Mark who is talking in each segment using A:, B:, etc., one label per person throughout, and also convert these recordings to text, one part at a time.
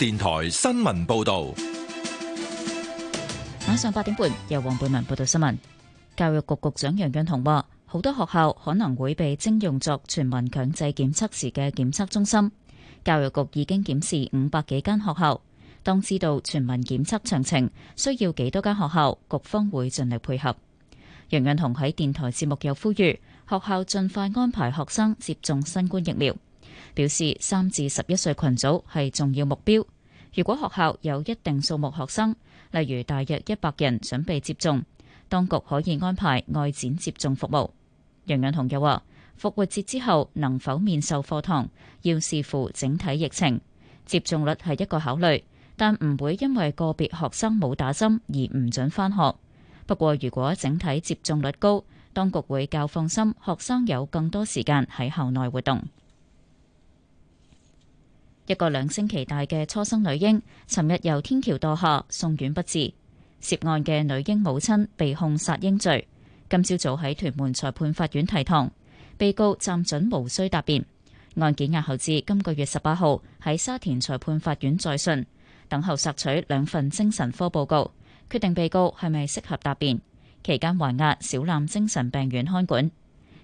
A: 電台新聞報道，
B: 晚上八點半由黃佩文報道新聞。教育局局長楊潤雄話，好多學校可能會被徵用作全民強制檢測時嘅檢測中心。教育局已經檢視五百幾間學校，當知道全民檢測詳情需要幾多間學校，局方會盡力配合。楊潤雄喺電台節目又呼籲學校盡快安排學生接種新冠疫苗。表示三至十一歲群組係重要目標。如果學校有一定數目學生，例如大約一百人，準備接種，當局可以安排外展接種服務。楊潤雄又話：復活節之後能否面授課堂，要視乎整體疫情，接種率係一個考慮，但唔會因為個別學生冇打針而唔准翻學。不過如果整體接種率高，當局會較放心，學生有更多時間喺校內活動。一個兩星期大嘅初生女嬰，尋日由天橋墮下，送院不治。涉案嘅女嬰母親被控殺嬰罪，今朝早喺屯門裁判法院提堂，被告暫准無需答辯。案件押後至今個月十八號喺沙田裁判法院再訊，等候索取兩份精神科報告，決定被告係咪適合答辯。期間還押小欖精神病院看管。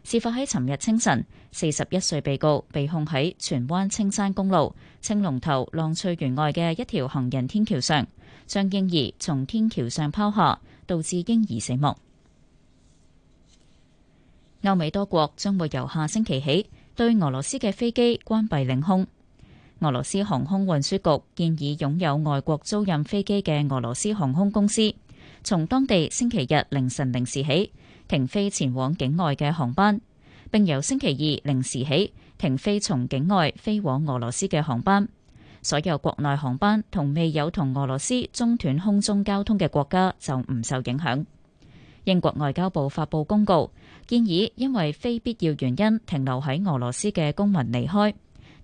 B: 事發喺尋日清晨，四十一歲被告被控喺荃灣青山公路，青龍頭浪翠園外嘅一條行人天橋上，將嬰兒從天橋上拋下，導致嬰兒死亡。歐美多國將會由下星期起對俄羅斯嘅飛機關閉領空。俄羅斯航空運輸局建議擁有外國租賃飛機嘅俄羅斯航空公司，從當地星期日凌晨零時起停飛前往境外嘅航班，並由星期二零時起。停飛從境外飛往俄羅斯嘅航班，所有國內航班同未有同俄羅斯中斷空中交通嘅國家就唔受影響。英國外交部發布公告，建議因為非必要原因停留喺俄羅斯嘅公民離開，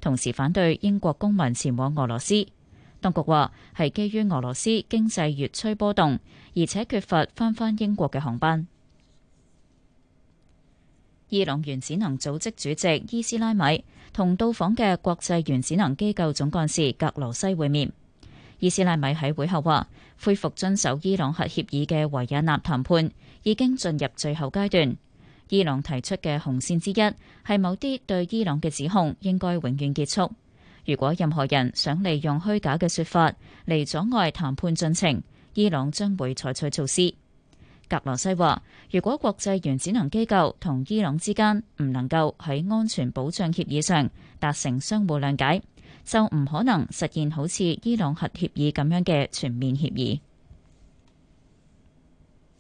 B: 同時反對英國公民前往俄羅斯。當局話係基於俄羅斯經濟越趨波動，而且缺乏翻返英國嘅航班。伊朗原子能組織主席伊斯拉米同到訪嘅國際原子能機構總幹事格羅西會面。伊斯拉米喺會後話，恢復遵守伊朗核協議嘅維也納談判已經進入最後階段。伊朗提出嘅紅線之一係某啲對伊朗嘅指控應該永遠結束。如果任何人想利用虛假嘅說法嚟阻礙談判進程，伊朗將會採取措施。格羅西話，如果國際原子能機構同伊朗之間唔能夠喺安全保障協議上達成相互諒解，就唔可能實現好似伊朗核協議咁樣嘅全面協議。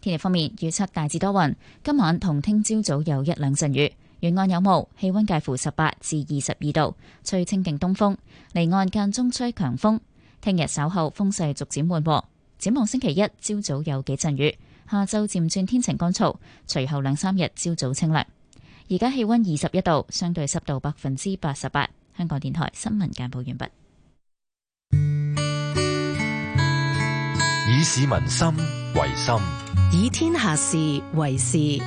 B: 天氣方面預測大致多雲，今晚同聽朝早有一兩陣雨，沿岸有霧，氣溫介乎十八至二十二度，吹清勁東風，離岸間中吹強風。聽日稍後風勢逐漸緩和，展望星期一朝早有幾陣雨。下晝漸轉天晴乾燥，隨後兩三日朝早清涼。而家氣溫二十一度，相對濕度百分之八十八。香港電台新聞簡報完畢。
A: 以市民心為心，
B: 以天下事為事。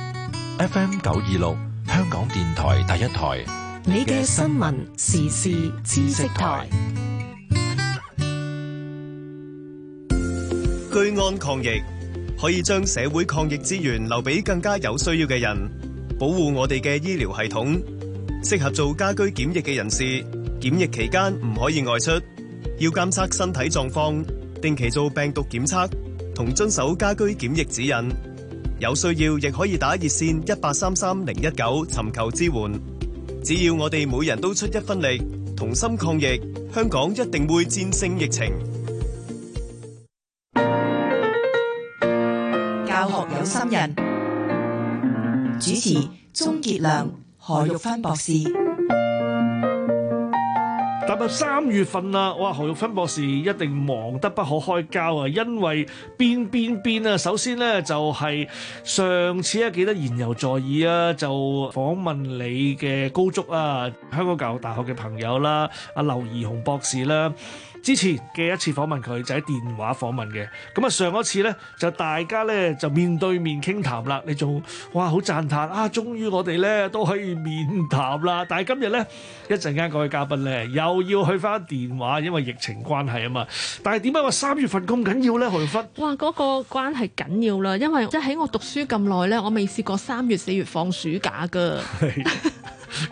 A: F M 九二六，香港電台第一台，
C: 你嘅新聞時
A: 事知識台。
D: 居安抗疫。可以將社會抗疫資源留俾更加有需要嘅人，保護我哋嘅醫療系統。適合做家居檢疫嘅人士，檢疫期間唔可以外出，要監測身體狀況，定期做病毒檢測，同遵守家居檢疫指引。有需要亦可以打熱線一八三三零一九尋求支援。只要我哋每人都出一分力，同心抗疫，香港一定會戰勝疫情。
C: 新人主持鍾杰良、何玉芬博士。
D: 踏到三月份啦，哇！何玉芬博士一定忙得不可開交啊，因為邊邊邊啊！首先呢，就係上次啊，記得言猶在耳啊，就訪問你嘅高足啊，香港教育大學嘅朋友啦，阿劉怡紅博士啦。之前嘅一次訪問佢就喺電話訪問嘅，咁啊上一次咧就大家咧就面對面傾談啦。你仲哇好讚歎啊，終於我哋咧都可以面談啦。但係今日咧一陣間各位嘉賓咧又要去翻電話，因為疫情關係啊嘛。但係點解話三月份咁緊要
C: 咧？何潤芬，哇嗰個關係緊要啦，因為即係喺我讀書咁耐咧，我未試過三月四月放暑假㗎。係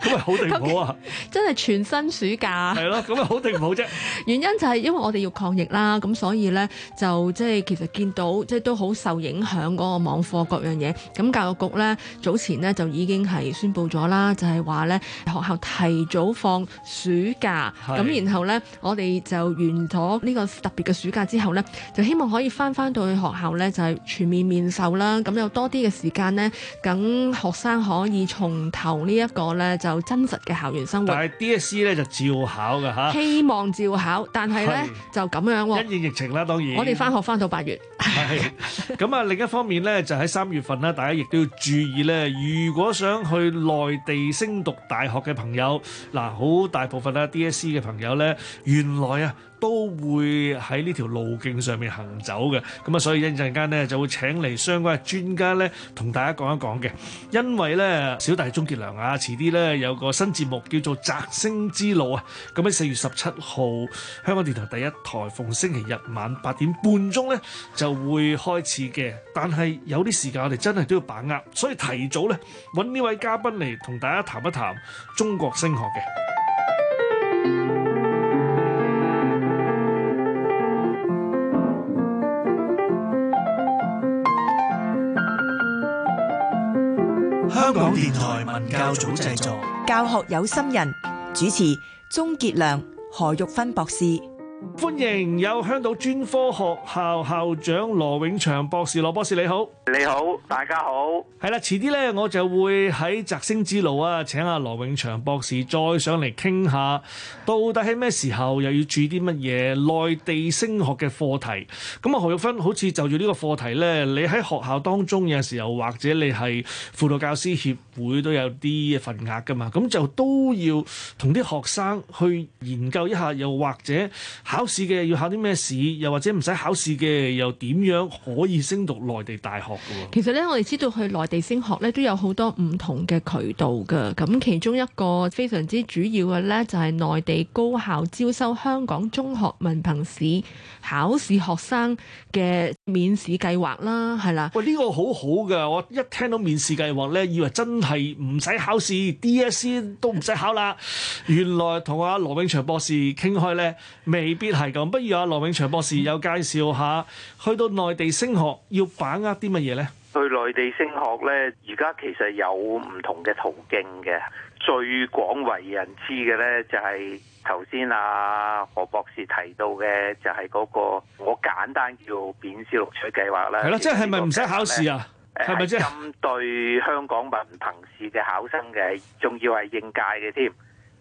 B: 咁啊，好定唔好啊？
C: 真係全新暑假。
D: 係咯，咁啊好定唔好啫？
C: 原因就。但係因為我哋要抗疫啦，咁所以咧就即係其實見到即係都好受影響嗰個網課各樣嘢。咁教育局咧早前咧就已經係宣布咗啦，就係話咧學校提早放暑假。咁是然後咧我哋就完咗呢個特別嘅暑假之後咧，就希望可以翻翻到去學校咧就係全面面授啦。咁有多啲嘅時間咧，等學生可以重投呢一個咧就真實嘅校園生活。
D: 但係 D.S.C. 咧就照考嘅吓，希
C: 望照考，但係咧就咁是樣喎，因
D: 應疫情啦，當然我哋返學
C: 返到八月。係
D: 咁啊！ 另一方面咧，就喺、是、三月份啦，大家亦都要注意咧。如果想去內地升讀大學嘅朋友，嗱，好大部分啦，DSE 嘅朋友咧，原來啊。都會喺呢條路徑上面行走嘅，咁啊，所以一陣間咧就會請嚟相關嘅專家咧，同大家講一講嘅。因為咧，小弟鍾杰良啊，遲啲咧有個新節目叫做《摘星之路》啊，咁喺四月十七號香港電台第一台逢星期日晚八點半鐘咧就會開始嘅。但係有啲時間我哋真係都要把握，所以提早咧揾呢位嘉賓嚟同大家談一談中國升學嘅。電台文教組
C: 製作，教學有心人主持鍾杰良、何玉芬博士，
D: 歡迎有香島專科學校校長羅永祥博士，羅博士你好，你好，大家好，係啦，遲啲咧我就會喺擇星之路啊，請阿羅永祥博士再上嚟傾下，到底喺咩時候又要注意啲乜嘢內地升學嘅課題？咁啊，何玉芬好似就住呢個課題咧，你喺學校當中有陣時候，或者你係輔導教師協。會都有啲份額噶嘛，咁就都要同啲學生去研究一下，又或者考試嘅要考啲咩試，又或者唔使考試嘅又點樣可以升讀內地大學喎？
C: 其實呢，我哋知道去內地升學呢都有好多唔同嘅渠道噶，咁其中一個非常之主要嘅呢，就係、是、內地高校招收香港中學文憑試考試學生嘅免試計劃啦，係啦。
D: 喂，呢、這個好好嘅，我一聽到免試計劃呢，以為真。係唔使考試，DSE 都唔使考啦。原來同阿羅永祥博士傾開咧，未必係咁。不如阿羅永祥博士有介紹下，去到內地升學要把握啲乜嘢咧？
A: 去內地升學咧，而家其實有唔同嘅途徑嘅。最廣為人知嘅咧，就係頭先阿何博士提到嘅、那個，就係嗰個我簡單叫免試錄取計劃啦。係咯了，即
D: 係咪唔使考試啊？
A: 係咪針對香港文憑試嘅考生嘅，仲要係應屆嘅添？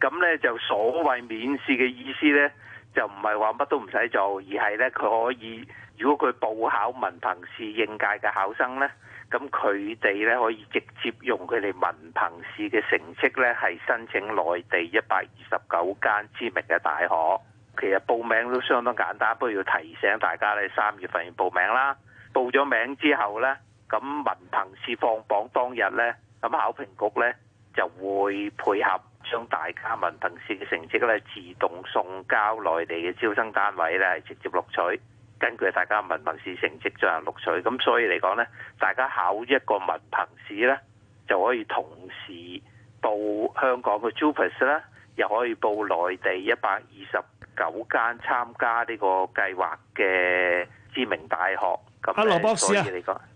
A: 咁呢，就所謂免試嘅意思呢，就唔係話乜都唔使做，而係呢，佢可以，如果佢報考文憑試應屆嘅考生呢，咁佢哋呢，可以直接用佢哋文憑試嘅成績呢，係申請內地一百二十九間知名嘅大學。其實報名都相當簡單，不過要提醒大家呢，三月份要報名啦。報咗名之後呢。咁文憑試放榜當日咧，咁考評局咧就會配合將大家文憑試嘅成績咧自動送交內地嘅招生單位咧，直接錄取。根據大家文憑試成績進行錄取。咁所以嚟講咧，大家考一個文憑試咧，就可以同時報香港嘅 JUPAS 啦，又可以報內地一百二十九間參加呢個計劃嘅知名大學。阿羅、啊、博士啊,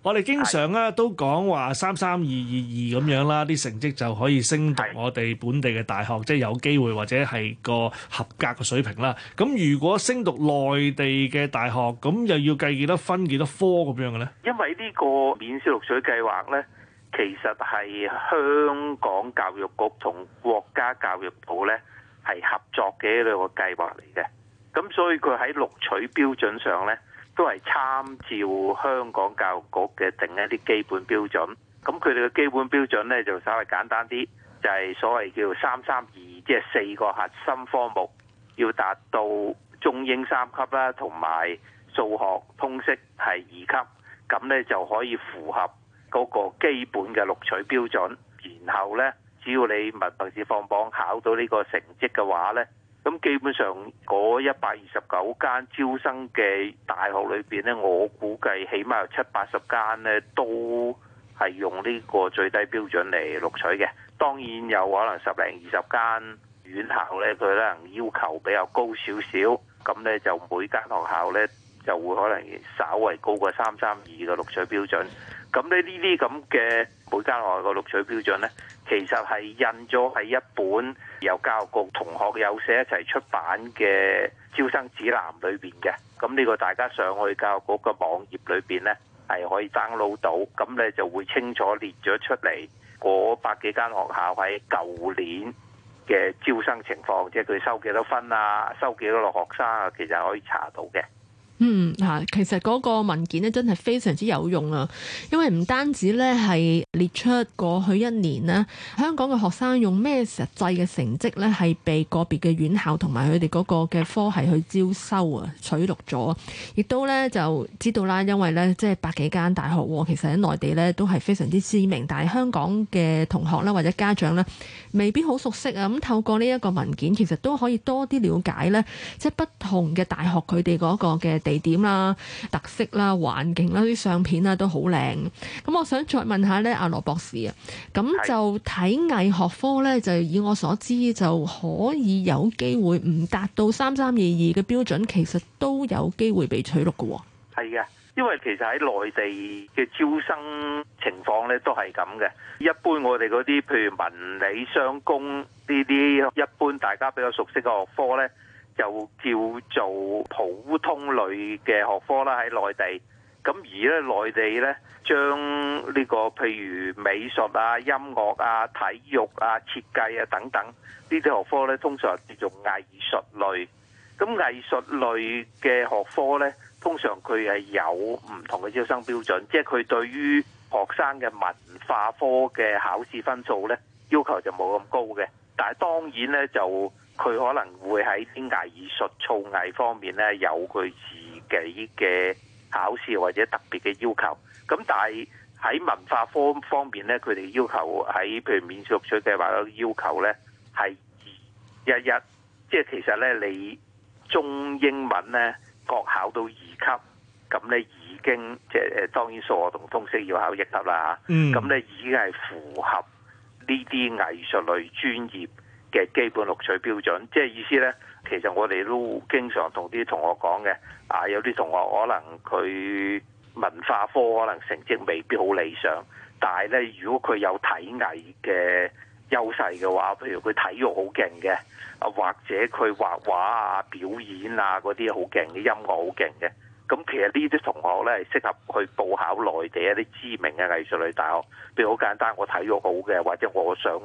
D: 我哋經常咧、啊、是都講話三三二二二咁樣啦，啲是成績就可以升讀我哋本地嘅大學，即係是有機會或者係個合格嘅水平啦。咁如果升讀內地嘅大學，咁又要計幾多分、幾多科咁樣嘅咧？
A: 因為呢個免試錄取計劃咧，其實係香港教育局同國家教育部咧係合作嘅一個計劃嚟嘅。咁所以佢喺錄取標準上咧，都係參照香港教育局嘅定一啲基本標準，咁佢哋嘅基本標準呢，就稍為簡單啲，就係所謂叫三三二，即係四個核心科目要達到中英三級啦，同埋數學通識係二級，咁呢就可以符合嗰個基本嘅錄取標準。然後呢，只要你文憑試放榜考到呢個成績嘅話呢。咁基本上嗰一百二十九間招生嘅大學裏邊咧，我估計起碼有七八十間咧，都係用呢個最低標準嚟錄取嘅。當然有可能十零二十間院校咧，佢可能要求比較高少少，咁咧就每間學校咧就會可能稍為高過三三二嘅錄取標準。咁咧呢啲咁嘅每間學校嘅錄取標準咧，其實係印咗喺一本由教育局同學友社一齊出版嘅招生指南裏邊嘅，咁呢個大家上去教育局嘅網頁裏邊呢，係可以 download 到，咁你就會清楚列咗出嚟嗰百幾間學校喺舊年嘅招生情況，即係佢收幾多分啊，收幾多個學生啊，其實係可以查到嘅。
C: 嗯吓，其實嗰個文件咧真係非常之有用啊，因為唔單止咧係列出過去一年呢香港嘅學生用咩實際嘅成績咧係被個別嘅院校同埋佢哋嗰個嘅科系去招收啊取錄咗，亦都咧就知道啦，因為咧即係百幾間大學，其實喺內地咧都係非常之知名，但係香港嘅同學咧或者家長咧未必好熟悉啊。咁透過呢一個文件，其實都可以多啲了解咧，即係不同嘅大學佢哋嗰個嘅。地點啦、特色啦、環境啦，啲相片啊都好靚。咁我想再問一下咧，阿羅博士啊，咁就體藝學科咧，就以我所知就可以有機會唔達到三三二二嘅標準，其實都有機會被取錄嘅。
A: 係嘅，因為其實喺內地嘅招生情況咧都係咁嘅。一般我哋嗰啲譬如文理商工呢啲，一般大家比較熟悉嘅學科咧，就叫做普通類嘅學科啦，喺內地。咁而咧，內地呢，將呢個譬如美術啊、音樂啊、體育啊、設計啊等等呢啲學科呢，通常叫做藝術類。咁藝術類嘅學科呢，通常佢係有唔同嘅招生標準，即係佢對於學生嘅文化科嘅考試分數呢，要求就冇咁高嘅。但係當然呢，就。佢可能會喺啲藝術、創藝方面咧，有佢自己嘅考試或者特別嘅要求。咁但係喺文化科方面咧，佢哋要求喺譬如免試錄取計劃嘅要求咧，係二一一。即係其實咧，你中英文咧，各考到二級，咁咧已經即係當然數學同通識要考一級啦嚇。咁咧、嗯、已經係符合呢啲藝術類專業。嘅基本錄取標準，即係意思咧，其實我哋都經常同啲同學講嘅，啊有啲同學可能佢文化科可能成績未必好理想，但係咧如果佢有體藝嘅優勢嘅話，譬如佢體育好勁嘅，啊或者佢畫畫啊、表演啊嗰啲好勁啲音樂好勁嘅，咁其實呢啲同學咧適合去報考內地一啲知名嘅藝術類大學，譬如好簡單，我體育好嘅，或者我想。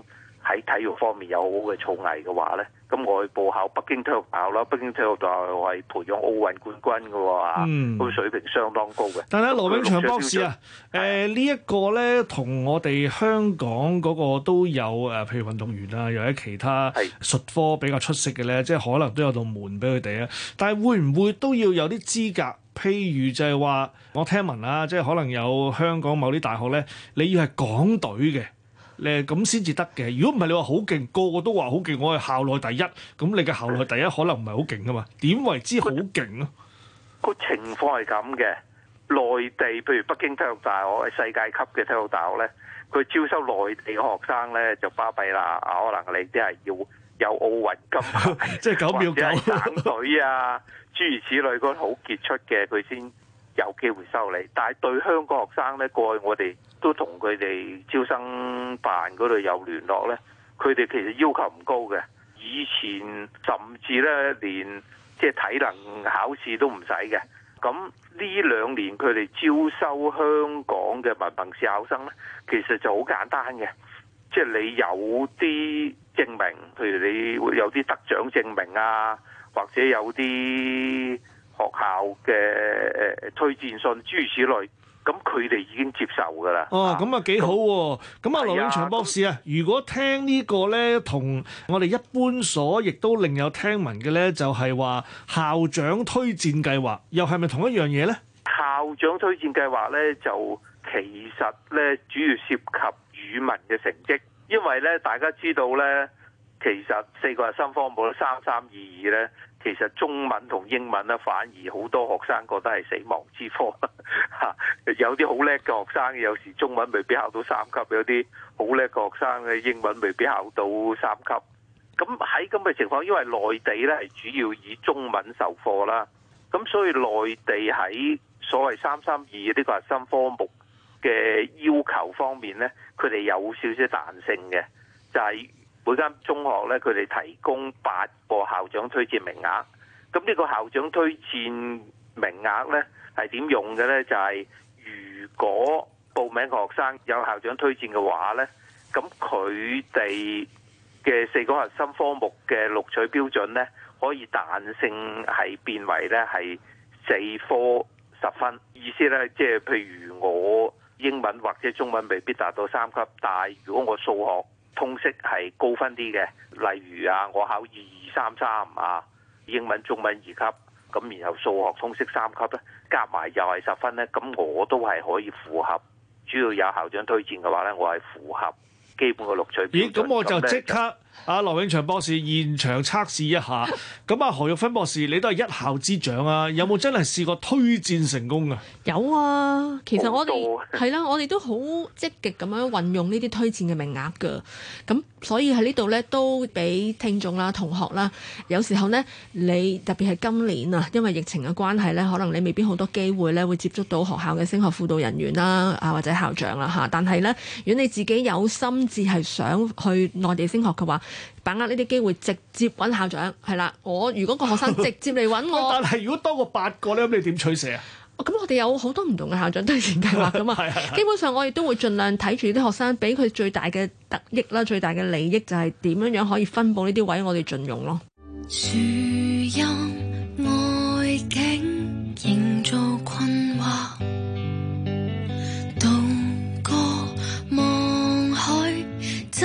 A: 喺體育方面有好嘅造詣嘅話咧，咁我去報考北京體育大學啦。北京體育大學係培養奧運冠軍嘅喎，嚇、嗯，水平相當高嘅。但係羅永祥博士啊，誒呢、嗯
D: 呃、一個咧，同我哋香港嗰個都有誒，譬如運動員啊，又或者其他術科比較出色嘅咧，是即係可能都有道門俾佢哋啊。但係會唔會都要有啲資格？譬如就係話，我聽聞啦、啊，即係可能有香港某啲大學咧，你要係港隊嘅。你咁先至得嘅。如果唔係你話好勁，個個都話好勁，我係校內第一，咁你嘅校內第一可能唔係好勁㗎嘛？點為之好勁
A: 啊？個情況係咁嘅。內地譬如北京體育大學係世界級嘅體育大學咧，佢招收內地嘅學生咧就巴閉啦。可能你啲係要有奧運金，即係九秒九或者隊啊， 諸如此類嗰好傑出嘅佢先。有機會收你，但係對香港學生呢，過去我哋都同佢哋招生辦嗰度有聯絡呢。佢哋其實要求唔高嘅，以前甚至呢連即係體能考試都唔使嘅。咁呢兩年佢哋招收香港嘅文憑試考生呢，其實就好簡單嘅，即係你有啲證明，譬如你有啲得獎證明啊，或者有啲學校嘅誒推薦信諸如此類，咁佢哋已經接受噶啦。
D: 哦，咁啊幾好。咁啊，羅永祥博士啊，哎、呀如果聽這個呢個咧，同我哋一般所亦都另有聽聞嘅咧，就係話校長推薦計劃，又係咪同一樣嘢咧？
A: 校長推薦計劃咧，就其實咧主要涉及語文嘅成績，因為咧大家知道咧，其實四個核心科目三三二二咧。其實中文同英文咧，反而好多學生覺得係死亡之科。嚇，有啲好叻嘅學生，有時中文未必考到三級；有啲好叻嘅學生咧，英文未必考到三級。咁喺咁嘅情況，因為內地咧係主要以中文授課啦，咁所以內地喺所謂三三二呢個核心科目嘅要求方面咧，佢哋有少少彈性嘅，就係。每間中學咧，佢哋提供八個校長推薦名額。咁呢個校長推薦名額咧，係點用嘅咧？就係如果報名學生有校長推薦嘅話咧，咁佢哋嘅四個核心科目嘅錄取標準咧，可以彈性係變為咧係四科十分。意思咧，即係譬如我英文或者中文未必達到三級，但係如果我數學通識係高分啲嘅，例如啊，我考二二三三啊，英文、中文二級，咁然後數學通識三級咧，夾埋又係十分咧，咁我都係可以符合。主要有校長推薦嘅話咧，我係符合基本嘅錄取標準。咦？咁我就即刻。
D: 阿羅、啊、永祥博士現場測試一下，咁 啊何玉芬博士，你都係一校之長啊，有冇真係試過推薦成功啊？
C: 有啊，其實我哋係、啊、啦，我哋都好積極咁樣運用呢啲推薦嘅名額㗎。咁所以喺呢度呢，都俾聽眾啦、同學啦，有時候呢，你特別係今年啊，因為疫情嘅關係呢，可能你未必好多機會呢會接觸到學校嘅升學輔導人員啦啊，或者校長啦吓，但係呢，如果你自己有心志係想去內地升學嘅話，把握呢啲機會，直接揾校長係啦。我如果個學生直接嚟揾我， 但係如果多過八個呢，咁你點取捨？啊？咁我哋有好多唔同嘅校長推薦計劃噶嘛。 的基本上我亦都會盡量睇住啲學生，俾佢最大嘅得益啦，最大嘅利益就係點樣樣可以分佈呢啲位，我哋盡用咯。樹
E: 蔭外境營造困惑。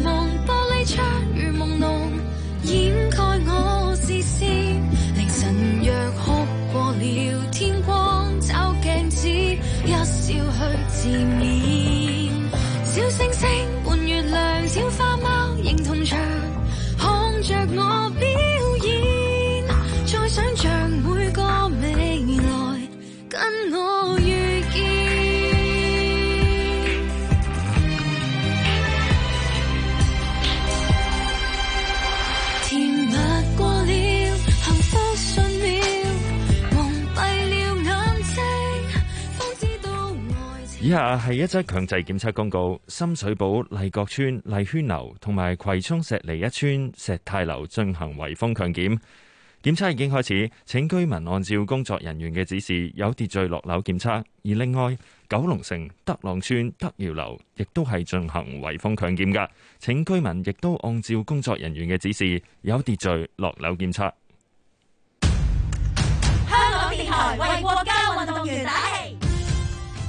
E: 夢。
D: 以下係一則強制檢測公告：深水埗麗閣村麗軒樓同埋葵涌石梨一村石太樓進行違風強檢，檢測已經開始，請居民按照工作人員嘅指示有秩序落樓檢測。而另外，九龍城德朗村德耀樓亦都係進行違風強檢噶，請居民亦都按照工作人員嘅指示有秩序落樓檢測。香
E: 港電台為國家運動員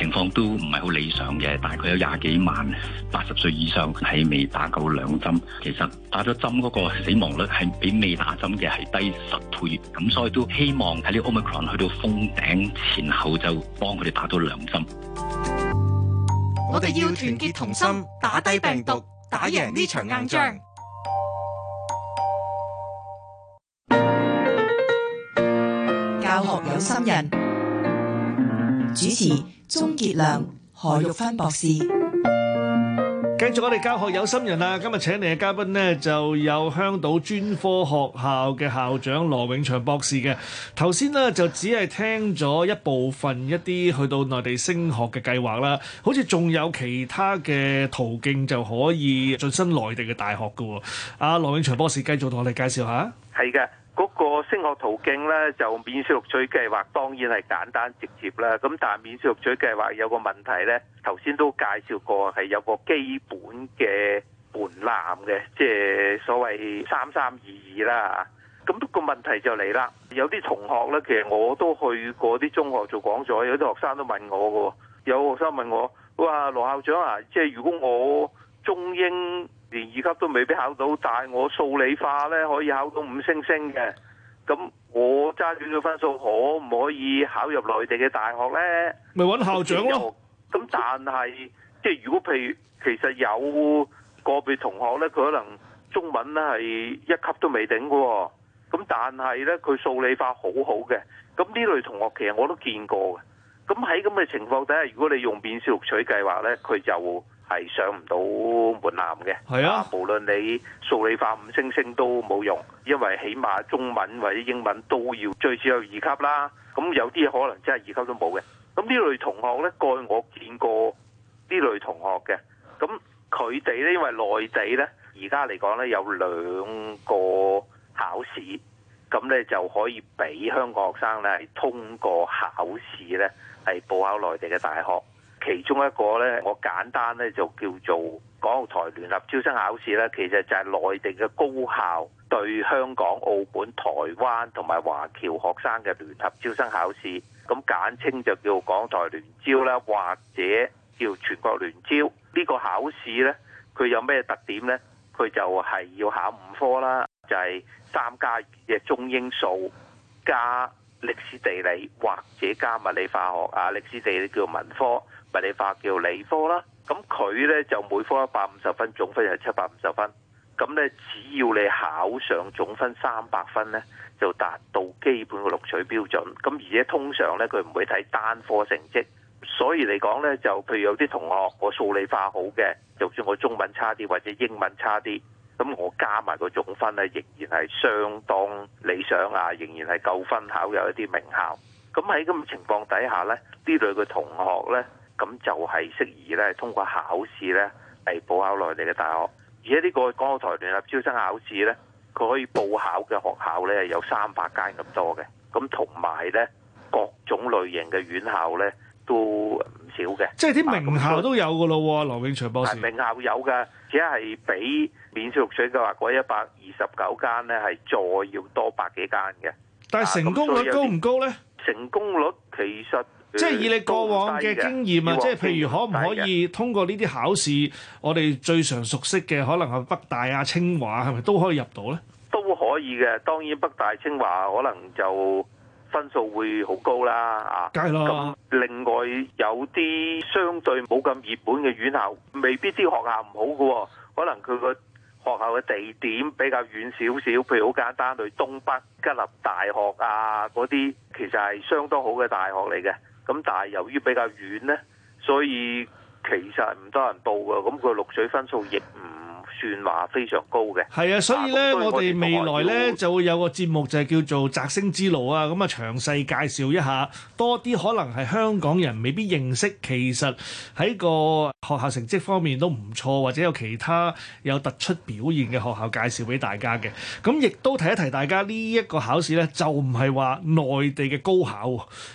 A: 情況都唔係好理想嘅，大概有廿幾萬八十歲以上係未打夠兩針。其實打咗針嗰個死亡率係比未打針嘅係低十倍，咁所以都希望喺呢個 omicron 去到封頂前後就幫佢哋打到兩針。我哋要團結同心，打低病毒，打贏呢場硬仗。
C: 教學有心人、嗯、主持。鍾杰良、何
D: 玉芬博士，繼續我哋教學有心人啦。今日請嚟嘅嘉賓呢，就有香島專科學校嘅校長羅永祥博士嘅。頭先呢，就只係聽咗一部分一啲去到內地升學嘅計劃啦，好似仲有其他嘅途徑就可以晉身內地嘅大學噶。阿、啊、羅永祥博士繼續同我哋介紹下。
A: 係嘅。嗰個升學途徑咧，就免試錄取計劃當然係簡單直接啦。咁但係免試錄取計劃有個問題咧，頭先都介紹過係有個基本嘅門檻嘅，即係所謂三三二二啦。咁個問題就嚟啦，有啲同學咧，其實我都去過啲中學做講座，有啲學生都問我喎，有學生問我，哇，羅校長啊，即係如果我中英，連二級都未必考到，但係我數理化呢可以考到五星星嘅，咁我揸住個分數，可唔可以考入內地嘅大學呢？
D: 咪揾校長咯，
A: 啊。咁但係即係如果譬如，其實有個別同學呢，佢可能中文呢係一級都未頂喎。咁但係呢，佢數理化好好嘅，咁呢類同學其實我都見過嘅。咁喺咁嘅情況底下，如果你用免試錄取計劃呢，佢就係上唔到門檻嘅，係啊，無論你數理化五星星都冇用，因為起碼中文或者英文都要最少有二級啦。咁有啲可能真係二級都冇嘅。咁呢類同學呢，過去我見過呢類同學嘅，咁佢哋呢，因為內地呢，而家嚟講呢，有兩個考試，咁呢就可以俾香港學生呢，通過考試呢，係報考內地嘅大學。其中一個咧，我簡單咧就叫做港澳台聯合招生考試呢，其實就係內地嘅高校對香港、澳門、台灣同埋華僑學生嘅聯合招生考試，咁簡稱就叫港台聯招啦，或者叫全國聯招。呢個考試咧，佢有咩特點咧？佢就係要考五科啦，就係三加二嘅中英數加歷史地理，或者加物理化學啊，歷史地理叫文科。物理化叫理科啦，咁佢呢就每科一百五十分，總分係七百五十分。咁呢，只要你考上總分三百分呢，就達到基本嘅錄取標準。咁而且通常呢，佢唔會睇單科成績，所以嚟講呢，就譬如有啲同學我數理化好嘅，就算我中文差啲或者英文差啲，咁我加埋個總分呢，仍然係相當理想啊，仍然係夠分考有一啲名校。咁喺咁嘅情況底下呢，呢類嘅同學呢。咁就係適宜咧，通過考試咧嚟報考內地嘅大學。而且呢個港澳台聯合招生考試咧，佢可以報考嘅學校咧有三百間咁多嘅。咁同埋咧，各種類型嘅院校咧都唔少嘅。即係啲名校
D: 都有㗎咯，啊、羅永祥博士。名
A: 校有㗎，只係比免試錄取嘅話，嗰一百二十九間咧係再要多百幾間嘅。但係成、啊、成功率高唔高咧？成功率其實。即係以你過往嘅經驗啊，即係譬如可唔可以
D: 通過呢啲考，考試？我哋最常熟悉嘅可能係北大啊、清華，係咪都可以入到咧？
A: 都可以嘅，當然北大、清華可能就分數會好高啦。啊，梗係啦。咁另外有啲相對冇咁熱門嘅院校，未必啲學校唔好㗎喎。哦，可能佢個學校嘅地點比較遠少少。譬如好簡單，去東北吉林大學啊嗰啲，其實係相當好嘅大學嚟嘅。咁但係由於比較遠咧，所以其實唔多人報㗎，咁佢錄取分數亦唔。轉化非常高嘅，係啊，所以咧，我哋未來咧，
D: 就會有個節目就係叫做擇星之路啊，咁啊詳細介紹一下多啲可能係香港人未必認識，其實，喺個學校成績方面都唔錯，或者有其他有突出表現嘅學校介紹俾大家嘅。咁亦都提一提大家呢一個考試咧，就唔係話內地嘅高考，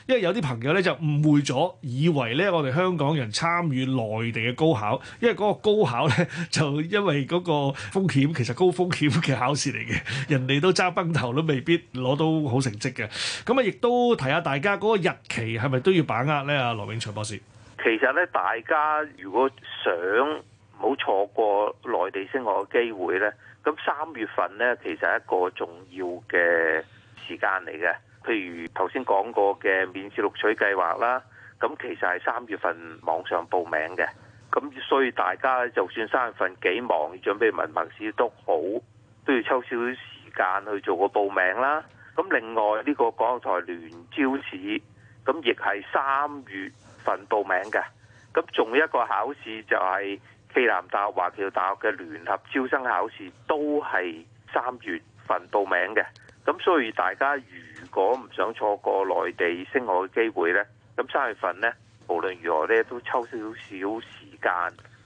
D: 因為有啲朋友咧，就誤會咗，以為咧，我哋香港人參與內地嘅高考，因為嗰個高考咧就因為，那個嗰個風險其實高風險嘅考試嚟嘅，人哋都揸崩頭都未必攞到好成績嘅。咁啊，亦都提下大家嗰個日期係咪都要把握呢？啊，羅永祥博士，
A: 其實咧，大家如果想唔好錯過內地升學嘅機會呢，咁三月份呢，其實係一個重要嘅時間嚟嘅。譬如頭先講過嘅免試錄取計劃啦，咁其實係三月份網上報名嘅。咁所以大家就算三月份幾忙，要準備文憑試都好，都要抽少少時間去做個報名啦。咁另外呢個港澳台聯招試，咁亦係三月份報名嘅。咁仲有一個考試就係暨南大學、華僑大學嘅聯合招生考試，都係三月份報名嘅。咁所以大家如果唔想錯過內地升學嘅機會咧，咁三月份咧。無論如何咧，都抽少少時間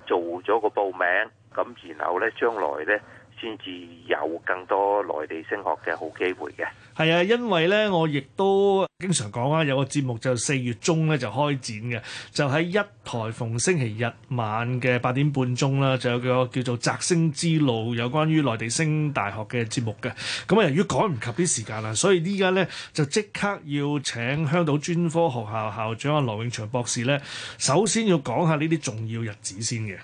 A: 做咗個報名，咁然後咧，將來咧，先至有更多內地升學嘅好機會
D: 嘅，係啊，因為咧我亦都經常講啊，有個節目就四月中咧就開展嘅，就喺一台逢星期日晚嘅八點半鐘啦，就有個叫做擇星之路，有關於內地升大學嘅節目嘅。咁啊，由於趕唔及啲時間啦，所以依家咧就即刻要請香島專科學校校長阿羅永祥博士咧，首先要講下呢啲重要日子先嘅。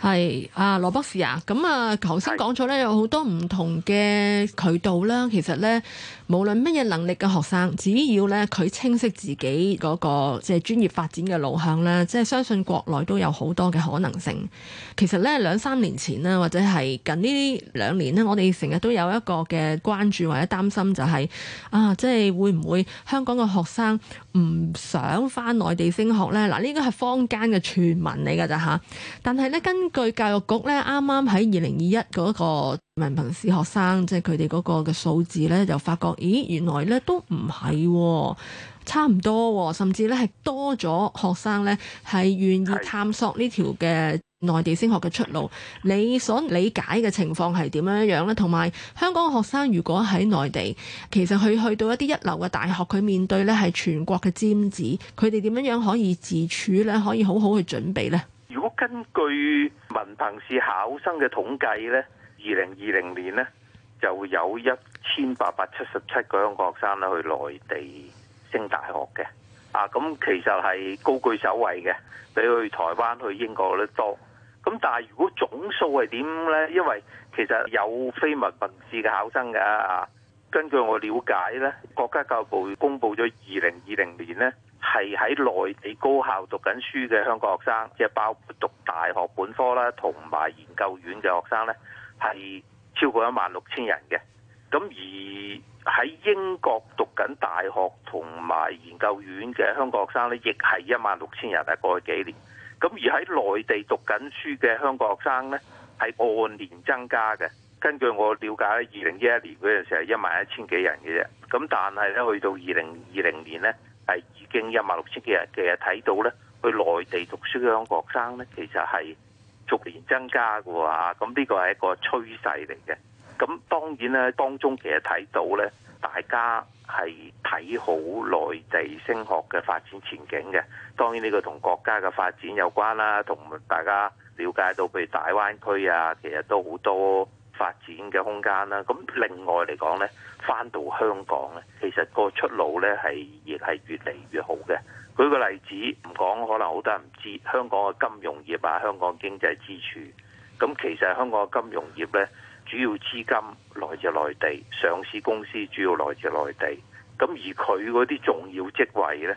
C: 係啊，羅博士啊，咁啊，頭先講咗咧，有好多唔同嘅渠道啦。其實咧，無論乜嘢能力嘅學生，只要咧佢清晰自己嗰個即係專業發展嘅路向咧，即係相信國內都有好多嘅可能性。其實咧，兩三年前啦，或者係近呢兩年呢，我哋成日都有一個嘅關注或者擔心，就係啊，即係會唔會香港嘅學生，唔想翻內地升學呢？嗱，呢個係坊間嘅傳聞嚟㗎咋吓。但係呢，根據教育局呢，啱啱喺二零二一嗰個文憑試學生，即係佢哋嗰個嘅數字呢，就發覺咦，原來呢都唔係，差唔多，甚至呢係多咗學生呢係願意探索呢條嘅內地升學嘅出路，你所理解嘅情況係點樣樣呢？同埋香港嘅學生如果喺內地，其實佢去到一啲一流嘅大學，佢面對呢係全國嘅尖子，佢哋點樣樣可以自處呢？可以好好去準備呢？
A: 如果根據文憑試考生嘅統計呢，二零二零年呢，就有一千八百七十七個香港學生呢去內地升大學嘅，啊，咁、嗯、其實係高居首位嘅，比去台灣、去英國都多。咁但係如果總數係點咧？因為其實有非文憑試嘅考生嘅、啊，根據我了解咧，國家教育部公布咗二零二零年咧，係喺內地高校讀緊書嘅香港學生，即係包括讀大學本科啦，同埋研究院嘅學生咧，係超過一萬六千人嘅。咁而喺英國讀緊大學同埋研究院嘅香港學生咧，亦係一萬六千人啊！過去幾年。咁而喺內地讀緊書嘅香港學生咧，係按年增加嘅。根據我了解咧，二零一一年嗰陣時係一萬一千幾人嘅啫。咁但係咧，去到二零二零年咧，係已經一萬六千幾人嘅。其實睇到咧，去內地讀書嘅香港學生咧，其實係逐年增加嘅喎。咁、嗯、呢個係一個趨勢嚟嘅。咁、嗯、當然咧，當中其實睇到咧。大家係睇好內地升學嘅發展前景嘅，當然呢個同國家嘅發展有關啦、啊，同大家了解到譬如大灣區啊，其實都好多發展嘅空間啦、啊。咁另外嚟講呢，翻到香港呢，其實個出路呢係亦係越嚟越好嘅。舉個例子，唔講可能好多人唔知道，香港嘅金融業啊，香港經濟支柱，咁其實香港嘅金融業呢。主要資金來自內地，上市公司主要來自內地。咁而佢嗰啲重要職位呢，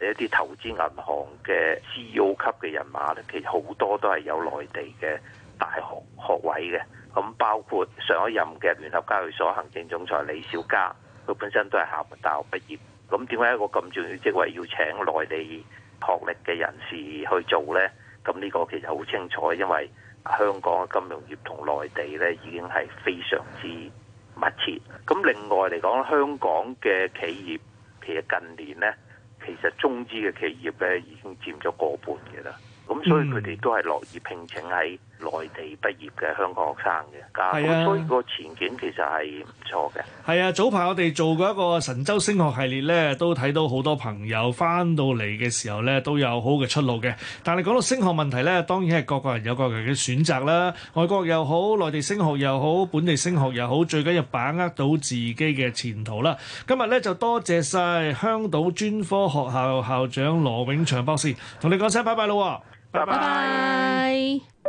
A: 你一啲投資銀行嘅 CEO 級嘅人馬咧，其實好多都係有內地嘅大學學位嘅。咁包括上一任嘅聯合交易所行政總裁李小加，佢本身都係廈門大學畢業。咁點解一個咁重要職位要請內地學歷嘅人士去做呢？咁呢個其實好清楚，因為香港嘅金融業同內地咧，已經係非常之密切。咁另外嚟講，香港嘅企業其實近年咧，其實中資嘅企業咧已經佔咗過半嘅啦。咁所以佢哋都係樂意聘請喺內地畢業嘅香港學生嘅，咁所以個前景其實係唔錯
D: 嘅。係啊，早排我哋做過一個神州升學系列咧，都睇到好多朋友翻到嚟嘅時候咧，都有好嘅出路嘅。但係講到升學問題咧，當然係各個人有各人嘅選擇啦。外國又好，內地升學又好，本地升學又好，最緊要把握到自己嘅前途啦。今日咧就多謝晒香島專科學校校長羅永祥博士，同你講聲拜拜啦。拜拜。
C: 拜拜